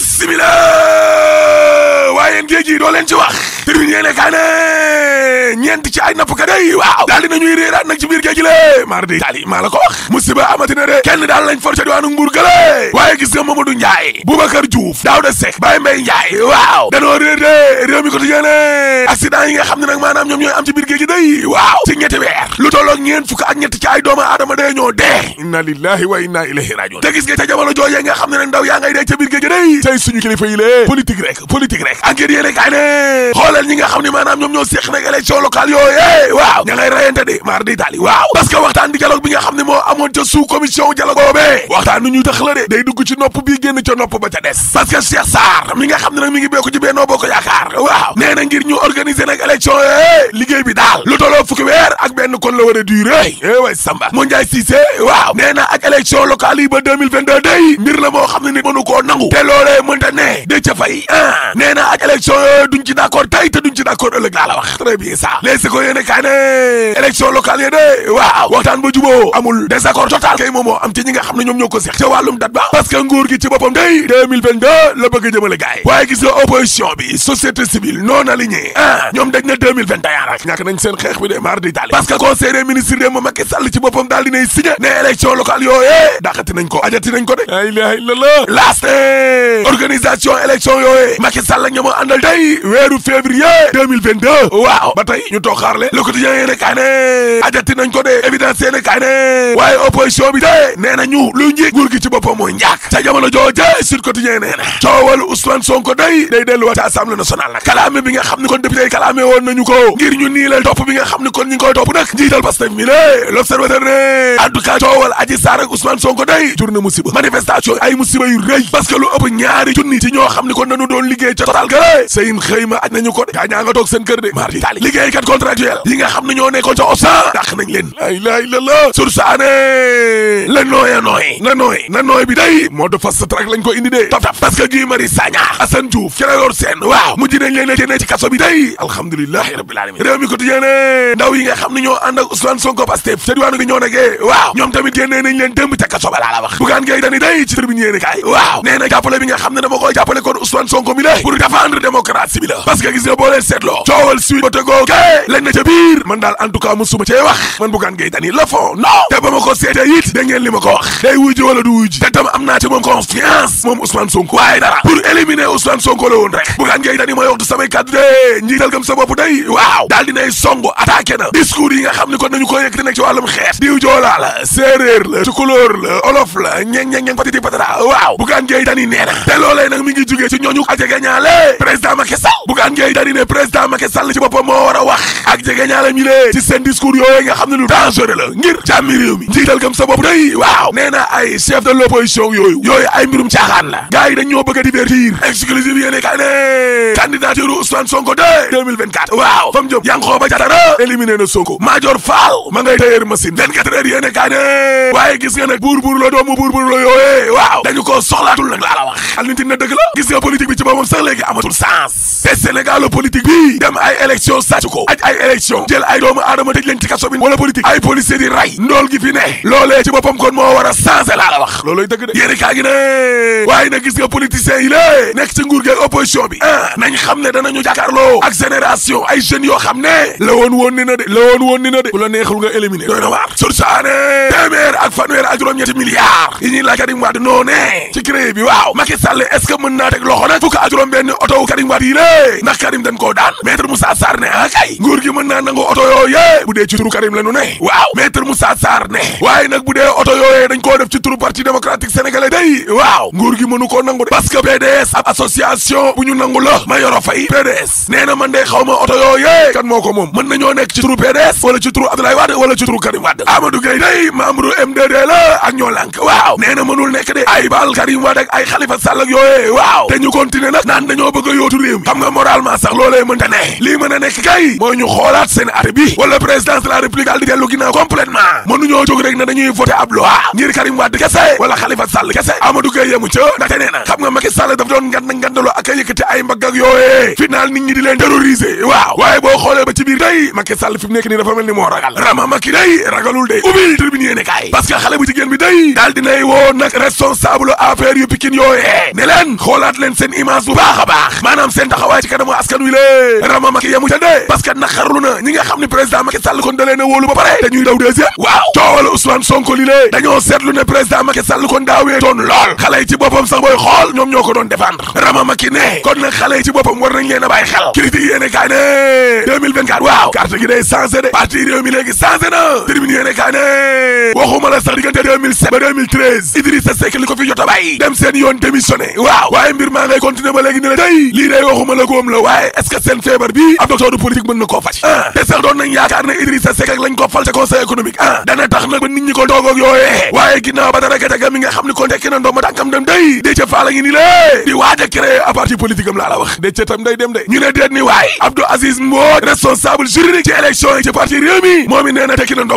bismillah waaye géej gi doo leen ci wax termine yéene kaay ne ñeent ci ay nappkat day waaw daal dina ñuy réeraat nag ci biir géej gi le mardi tali maa la ko wax musiba de kenn daal lañ for ca diwaanu Mbuur gële waaye gis nga Mamadou Ndiaye Boubacar Diouf Daouda Seck Baye Mbaye Ndiaye waaw danoo réer de réew mi quotidien ne accident yi nga xam ne nag maanaam ñoom ñooy am ci biir géej gi day waaw ci ñetti weer lu tolloog ñeent fukk ak ñetti ci ay doomu aadama dee ñoo dee inna lillahi wa inna ilayhi rajiun te gis nga ca jamono joojee ne nag ndaw yaa ngay dee ca biir géej gi day say suñu kilifa dooleel ñi nga xam ne maanaam ñoom ñoo séq nag élection locale waaw ña ngay rayante maar di taali waaw parce waxtaan di dialogue bi nga xam ne moo amoon ca sous commission dialogue boobee waxtaan nu ñuy tax la de ci nopp bi génn ca nopp ba ca des parce que Cheikh mi nga xam ne mi ngi bokk ci Benno Bokk Yaakaar waaw nee ngir ñu organiser nag élection liggéey bi daal lu tolloo fukki weer ak benn kon la war a duré way Samba moo Ndiaye Cissé waaw nee na yi ba 2022 day mbir la moo xam ne nit mënu koo tey te duñ la wax très bien ça les ko yéene kaay ne élection locale yi de waaw waxtaan ba juboo amul désaccord total ah, na 2021 seen xeex bi de mar di tali parce que conseil des ma Macky Sall ci boppam daal weeru février février waaw ba ñu toog xaarle le quotidien yéene kaay ne ajati nañ ko de évidence yéene kaay ne waaye opposition bi de nee ñu lu njiig nguur gi ci boppam mooy njaak ca jamono jooje sur quotidien nee na coowal Ousmane Sonko day day delluwaat ci assemblée nationale nag kalaame bi nga xam ne kon député kalaame woon nañu ko ngir ñu nii topp bi nga xam ne kon ñu ngi topp nag njiital Pastef mi ne l'observateur ne en coowal Adji Sarr ak Ousmane Sonko day jur na musiba ko de gaa ñaa nga toog seen kër de mardi tali liggéeykat contractuel yi nga xam ne ñoo nekkoon ca osan dàq nañ leen la ilaha illallah sursaane la nooya nooy na nooy na nooy bi day moo de fast track lañ ko indi de taf taf parce que Guy Marius Sagna Assane Diouf Clédor Sène waaw mujj nañ leen ne ci kaso bi day alhamdulilahi rabbil alamin réew mi quotidien ndaw yi nga xam ne ñoo ànd ak Ousmane Sonko Pastef ca diwaanu gi ñoo nekkee waaw ñoom tamit génnee la wax la pour la te boo leen seetloo coowal suite ba tëggoo kay lañ na ca biir man daal en tout cas musuma cee wax man Bougane Gueye Dany la fond non te ba ma ko seetee it da ngeen li ma ko wax day wuy ji du wuy te tam am naa ci moom confiance moom Ousmane Sonko waaye dara pour éliminer Ousmane Sonko la woon rek Bougane Gueye Dany mooy wax du samay kàddu de njiital gëm sa bopp day waaw daal dinay songo attaqué na discours yi nga xam ne ko na te loolee nag mi ci ñooñu Ndari ne président Macky Sall ci boppam moo war a wax ak jege ñaalam yi lee ci seen discours yooyu nga xam ne lu dangereux la ngir jàmmi réew mi njiital gëm sa bopp day waaw nee na ay chef de l'opposition yooyu yooyu ay mbirum caaxaan la gars yi dañ ñoo bëgg a divertir exclusive yéene ka ne candidature Ousmane Sonko de waaw fam jëm Yankhoba Diattara éliminé na Sonko Madior Fall ma ngay tëyeer machine 24 heures yéene waaye gis nga nag buur la doomu politique bi dem ay élection sàcc ko aj ay élection jël ay doomu aadama tëj leen ci kaso bi wala ay policier di rey ndool gi fi ne loolee ci boppam kon moo war a changé laa la wax looloy dëgg de yéeni kaa gi ne waaye nag gis nga politiciens yi lée nekk ci nguur gi ak opposition bi ah nañ xam ne danañu jàkkaarloo ak génération ay jeunes yoo xam ne la woon woon ni na de la woon woon ni na de bu la neexul nga éliminer doy na waar sur ça ne Karim dañ koo daan maître mu Sarr ne ah kay nguur gi mën naa nangu oto yooyee bu dee ci turu Karim la ne waaw maître Moussa Sarr ne waaye nag bu dee oto yooyee dañ koo def ci turu parti démocratique sénégalais day waaw nguur gi mënu ko nangu de parce que PDS bu ñu nangu la ma yoro fay PDS nee na man de xaw ma oto yooyee kan moo ko moom mën na nañoo nekk ci turu PDS wala ci turu Abdoulaye Wade wala ci turu Karim Wade Amadou Gueye day membre MDD la ak nekk de ay baal Karim Wade ak ay Khalifa Sall ak yooyee waaw te ñu continuer nag a yootu sax loolee mënta ne lii mën a nekk kay mooy ñu xoolaat seen at bi wala présidence de la république daal di dellu ginnaaw complètement mënuñoo jóg rek ne dañuy voté ab loi ngir Karim Wade kese wala Khalifa Sall kese Amadou yemu ca ndaxte nee na xam nga Macky Sall daf doon ngand ngandaloo ak a yëkkati ay mbagg ak yooyee nit ñi di leen terroriser waaw waaye boo xoolee ba ci biir day Macky Sall fi mu nekk nii dafa mel ni moo ragal rama Macky day askan wi lée rama Macky yemu ca dee parce que naqarlu na ñi nga xam ne président Macky Sall kon da leen a wóolu xale yi ci boppam sax booy xool ñoom ñoo ko doon défendre rama Macky ne kon nag xale yi ci boppam war nañ leen a bàyyi xel critique yéene ne 2024 waaw carte gi day ne waxuma la sax diggante 2007 ba 2013 Idrissa Seck li ko fi jot a bàyyi dem seen yoon démissionné waaw waaye mbir maa ngay continuer ba léegi ne la day lii day waxuma la góom la waaye waaye est-ce feebar bi ab docteur du politique mën na koo faj ah te sax doon nañ yaakaar ne Idrissa Seck lañ ko fal ca conseil économique ah dana tax nag ba nit ko toogoog yooyee waaye ginnaaw ba dara gataga mi xam ne ko tekki na ndooma dem day dee ca faa ni lée di waaj a parti politique am wax dee tam day dem de ñu ne deet ni waaye Abdou Aziz Mbodj responsable juridique ci élection yi ci parti réew moom i nee na tekki na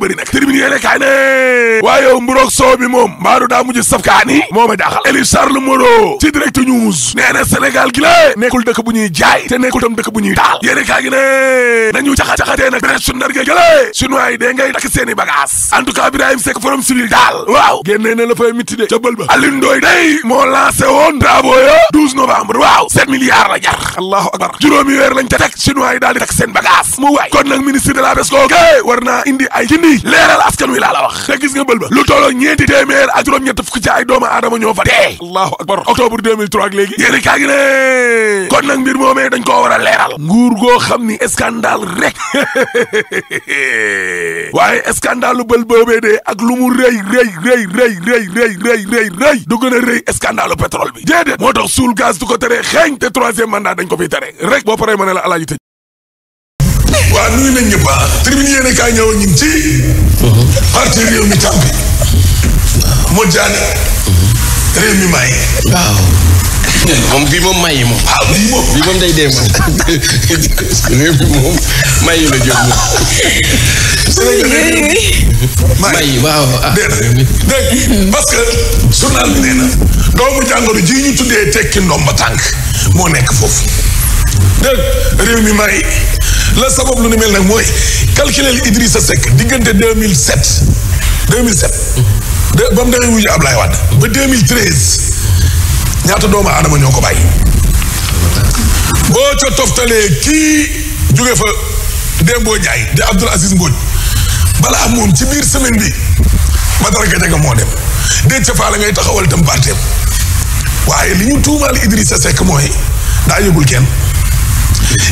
bëri nag tribune yéene kaay ne waaye yow mburoog soow bi moom mbaaru daa mujj safkaani moo ma jaaxal Eli Charles Moreau ci direct news nee na Sénégal gi la nekkul dëkk bu ñuy jaay te nekkul tam dëkk bu ñuy taal yéene kaay gi ne nañu caxa-caxatee nag brèche su ndarge gëlee chinois yi dee ngay takk seeni bagage en tout cas Ibrahim daal waaw génnee na la fay mitti de ca bël ba Alioune Ndoye day moo lancé woon travaux ya 12 novembre waaw 7 milliards la jar allahu akbar juróomi weer lañ ca bii leeral askan wi laa la wax te gis nga mbël ba lu tolloo ñeenti téeméer ak juróom-ñett fukk ci ay doomu aadama ñoo fa dee allahu akbar octobre 2003 ak léegi yéeni kaa gi ne kon nag mbir moomee dañ koo war a leeral nguur goo xam ni scandale rek waaye scandale lu bël boobee dee ak lu mu rëy rëy rëy rëy rëy rëy rëy rëy rëy du gën a rëy scandale pétrole bi déedéet moo tax suul gaz du ko xeeñ te troisième mandat dañ ko fiy tere rek boo paree ma ne la waaw nuyu nañ ñëpp ah. tribune yéen kaay ñëw ñun ci. Uh-huh. parti réew mi tàmpi. Uh-huh. moo jaane. Uh-huh. réew mi may. waaw. moom bii moom mayi moom. bii moom bii moom day dee moom. réew mi moom mayi la jóg moom. Ah, parce que journal bi nee na doomu jàngoro ji ñu tuddee tekki ndomba tànk moo nekk foofu. dégg réew mi may. la sabab lu ni mel nag mooy idris sa Seck diggante 2007 2007. de ba mu demee wuyu Ablaye Wade ba de 2013 ñaata doomu adama ñoo ko bàyyi. boo ca toftalee kii jóge fa Dembo Ndiaye di Abdoul Aziz Mbodj balaa moom ci biir semaine bi Badara Gadiaga moo dem Déthié Fall ngay taxawal dem parteem waaye li ñu tuumaal Idrissa Seck mooy daa yóbbul kenn.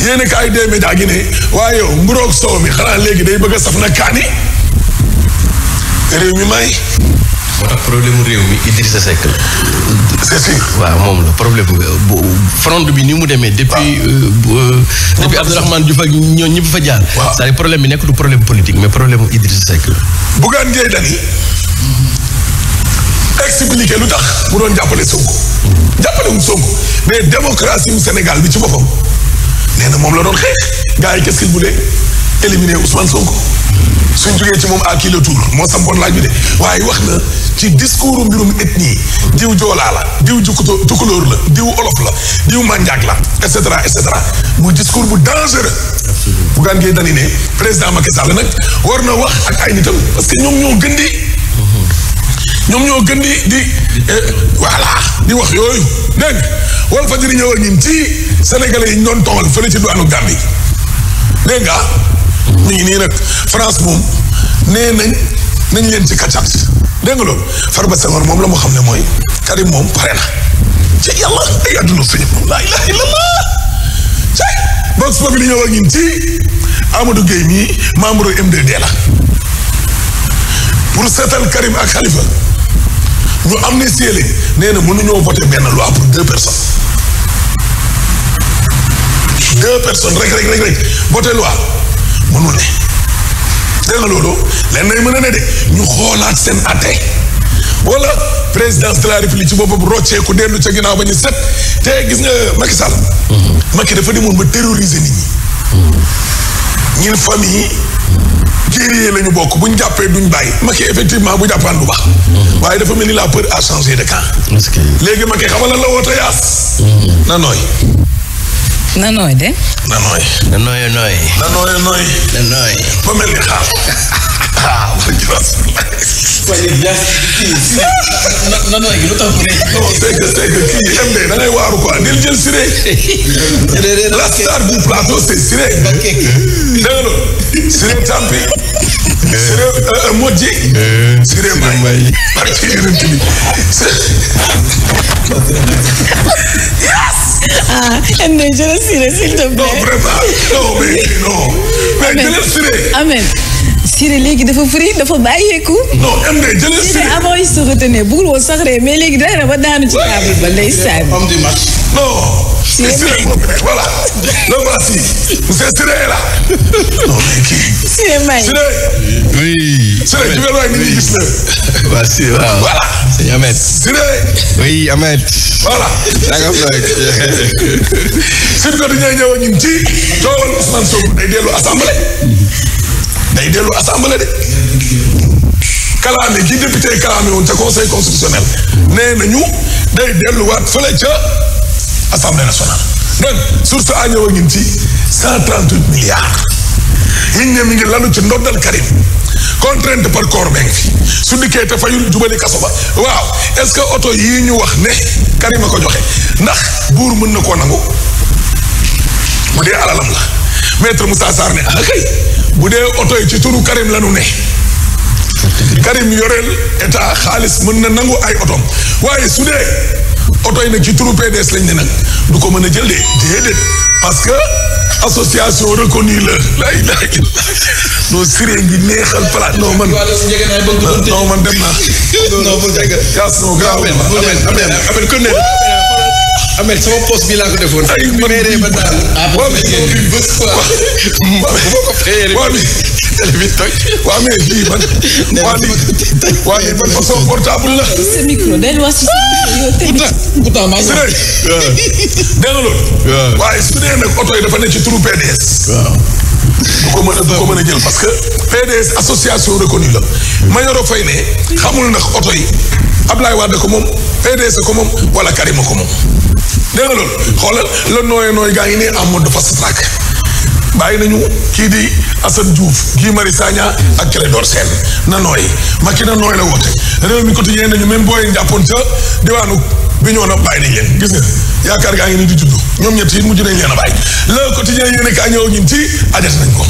yéen a kaay dee média gi ne waaye yow mburoog soow mi xanaa léegi day bëgg a saf na kaani réew mi may. moo tax problème réew mi Idrissa sa la. c'est sûr. moom la problème bu front bi ni mu demee. depuis euh, euh, depuis Abdourahmane Diouf ak ñoo ñëpp fa jaar. waaw c'est-à-dire problème bi nekk du problème politique mais problème mu Idrissa Seck la. Bougane Gueye Dany expliquer lu tax mu doon jàppale Sonko. jàppale wu Sonko mais démocratie mu Sénégal bi ci boppam. nee na moom la doon xeex gars yi quest bu qu'il voulait éliminer Ousmane ko suñ jógee ci moom à qui le tour moo sampoon laaj bi de waaye wax na ci discours mbirum ethnie diw joolaa la diw tukulóor la diw olof la diw manjaak la et cetera et cetera muy discours bu dangereux bu gaan ngee dani ne président Macky Sall nag war na wax ak ay nitam parce que ñoom ñoo gën di ñoom ñoo gën di di eh, voilà di wax yooyu dégg wal fa jëriñoo ñin ci sénégalais yi ñoo doon togal fële ci duwaanu Gambie dégg nga ngi nii nag France moom nee nañ nañ leen ci kaccat dégg nga loolu Farba Senghor moom la mu xam ne mooy Karim moom pare na ci yàlla ay adduna suñu laa ilaha illallah ci box boog li ñëw ak ñun ci Amadou Gueye mii membre MDD la pour seetal Karim ak Khalifa ñu amnistie leen nee na mënuñoo voté benn loi pour deux personnes deux personnes rek rek rek boo voté loi mënul ne dégg nga loolu leen nay mën a ne de ñu xoolaat seen atte wala présidence de la république bu boppam rocceeku dellu ca ginnaaw ba ñu set te gis nga Macky Sall Macky dafa demoon ba terroriser nit ñi ñun famille guerrier la ñu bokk bu ñu jàppee duñ bàyyi Macky effectivement bu jàppaan du baax waaye dafa mel ni la peur a changé de camp léegi Macky xamal la woote yaas mm-hmm. na nooy na nooy de. na nooy. na nooyee nooy. na nooyee nooy. na nooy. ba mel ni xaar. ah ma jëlaat. na nooy gi lu tax mu ne. non c'est que c'est que kii MD da ngay waaru quoi del jël Siré. déedéet la star du plateau c'est Siré. dégg nga loolu. Siré Tampi. Siré euh, euh, Modji. Siré Mbaye. Siré Mbaye. ah Ndeye Jërëjëf Siré s'il te plaît. non vraiment non mais non. mais Jërëjëf Siré. amen Siré léegi dafa firi dafa bàyyeeku. non Ndeye Jërëjëf Siré avant il se retenait bëggul woon sax de mais léegi dara ba daanu ci table ba lay saal. am di match non. Siré voilà le voici monsieur Siré là. non mais kii. Siré. oui. Siré jubal waay nit ñi gis la. waa Siré waaw. voilà sëñ Ahmed. Siré. oui Ahmed. voilà. naka fay. Siré dañoo ñëw ak ñun ci coowal Ousmane Sonko day dellu assemblée. day dellu assemblée de. kalaame gi député kalaame woon ca conseil constitutionnel. nee nañu day delluwaat fële ca assemblée nationale. donc source a ñëw ak ñun ci cent trente huit milliards. mi ngi ne mi ngi lalu ci ndoddal Karim contrainte par corps baa ngi fi su dikkee te fayul jubali kaso ba waaw est-ce que oto yii ñu wax ne Karim a ko joxe ndax buur mën na koo nangu bu dee alalam la maître Moussa Sarr ne ah kay bu dee oto yi ci turu Karim lanu ne Karim yoreel état xaalis mën na nangu ay otom waaye su dee oto yi nag ci turu PDS lañ ne nag du ko mën a jël de déedéet parce que association reconnue la lay lay non siree ngi neexal palaat non man non man dem naa non bu jege gas no gaaw amen amen amen kon ne amen sama poste bi laa ko defoon meere ba daal waaw mais télé bi toj waaw mais fii man waa li waa li ban façon portable la sa micro delluwaat si pourtant maa ngi. dégg nga loolu. waaye su nag oto yi dafa ci turu PDS. waaw. ko mën a du a jël parce que PDS association reconnue la. Mayoro Faye ne xamul ndax oto yi Ablaye Wade ko moom PDS ko moom wala Karim ko moom. dégg nga loolu xoolal la nooyee nooy gaa ngi nii en mode fast track. bàyyi nañu kii di Assane Diouf Guy Marius Sagna ak Clédor Sène na nooy Macky na nooy la woote réew mi quotidien nañu même booy jàppoon ca diwaanu bi ñoo na bàyyi yaakaar gaa ngi ni di judd ñoom ñett yi mujj nañ leen a bàyyi le quotidien yi nekk a ñëw ñun ci ajat nañ ko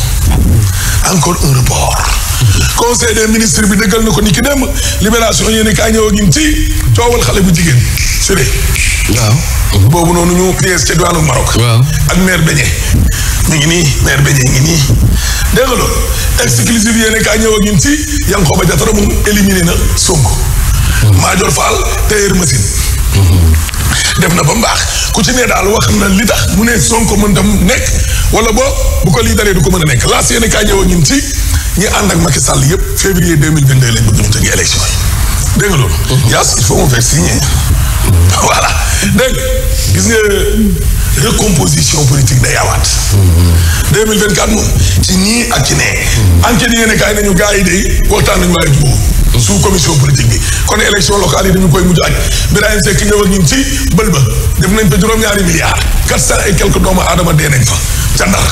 encore un report conseil des ministres bi dëggal na ko ni ki dem libération yéen kaa ñëw ñun ci coowal xale bu jigéen sure waaw boobu noonu ñu pièce ca diwaanu Maroc ak maire beñe mu ngi nii maire bi ñu ngi nii dégg nga loolu exclusive yéen kaa ñëw ak ñun ci Yankoba Diattara moom éliminé na Sonko. Madior Fall tailleur machine. def na ba mbaax ku ci ne daal wax na li tax mu ne Sonko mën tam nekk wala boo bu ko lii dalee du ko mën a nekk laas yéen kaa ñëw ak ñun ci ñi ànd ak Macky Sall yëpp février deux mille vingt deux lañ bëgg ñu tëgg élection yi dégg mhm. yaas il faut qu'on fasse signer. voilà dégg gis nga recomposition politique day awaat. 2024 moom ci nii ak ci nee. enquête yi yéen kaay nañu gars yi de waxtaan nañu waaye jubóo. sous commission politique bi kon élection locale yi dañu koy mujj ak Birahim Seck ñëw ak ñun ci bël ba def nañ fa juróom-ñaari milliards quatre cent et quelques doomu aadama dee nañ fa ca Ndar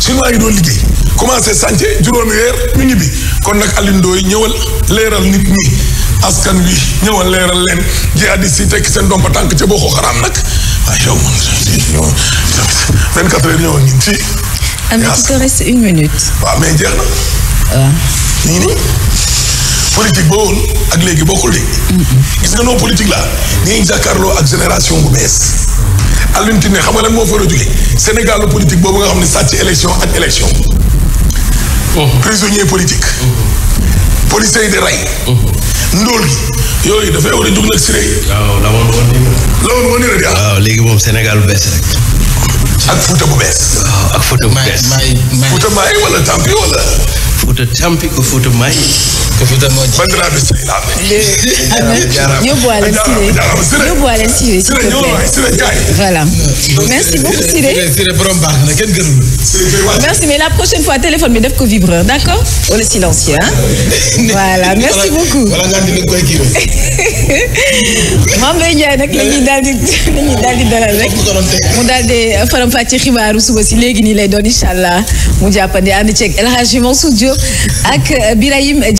chinois ay doo liggéey commencé sànce juróom weer ñu ñibbi kon nag Alioune Ndoye ñëwal leeral nit ñi askan wi ñëwal leeral leen jihadis si tekki seen doom ba tànk ca boko xaraam nag waaye yow man mais jeex na. waaw. Ah. ñu nii politique ba woon ak léegi bokkul de. gis nga non politique la ñu ngi ak génération bu bees. Alioune Tine xam nga moo fa la jógee Sénégal lu politique boobu nga xam ne ci élection ak élection. Oh. prisonnier politique. Oh. policiers yi rey. Oh. ndóol yooyu dafay war a jug la woon la woon woon nii waaw léegi moom Sénégal bu bees rek ak Fuuta bu bees waaw ak Fuuta bu bees tampi wala Fuuta tampi ko Fuuta maay Fuuta moo ji. Bandiraɓe sehilaɓe. yóbbuwaale Siré yóbbuwaale Siré. Siré ñëwalaay Siré Ndiaye. voilà euh, merci beaucoup Siré. Siré borom baax na kenn gënu la. merci mais la prochaine fois téléphone bi def ko vibreur d' accord. wala silencieux ah. voilà merci beaucoup. wala nga dina koy kii rek. Mame Mbaye Ndiaye nag la ñuy daal di la ñuy daal di dalal rek. mu daal di faram-fàccee xibaaru suba si léegi nii lay doon incha allah mu jàppandi ànd ceeg El Hadji Mansour Diop ak Birahim.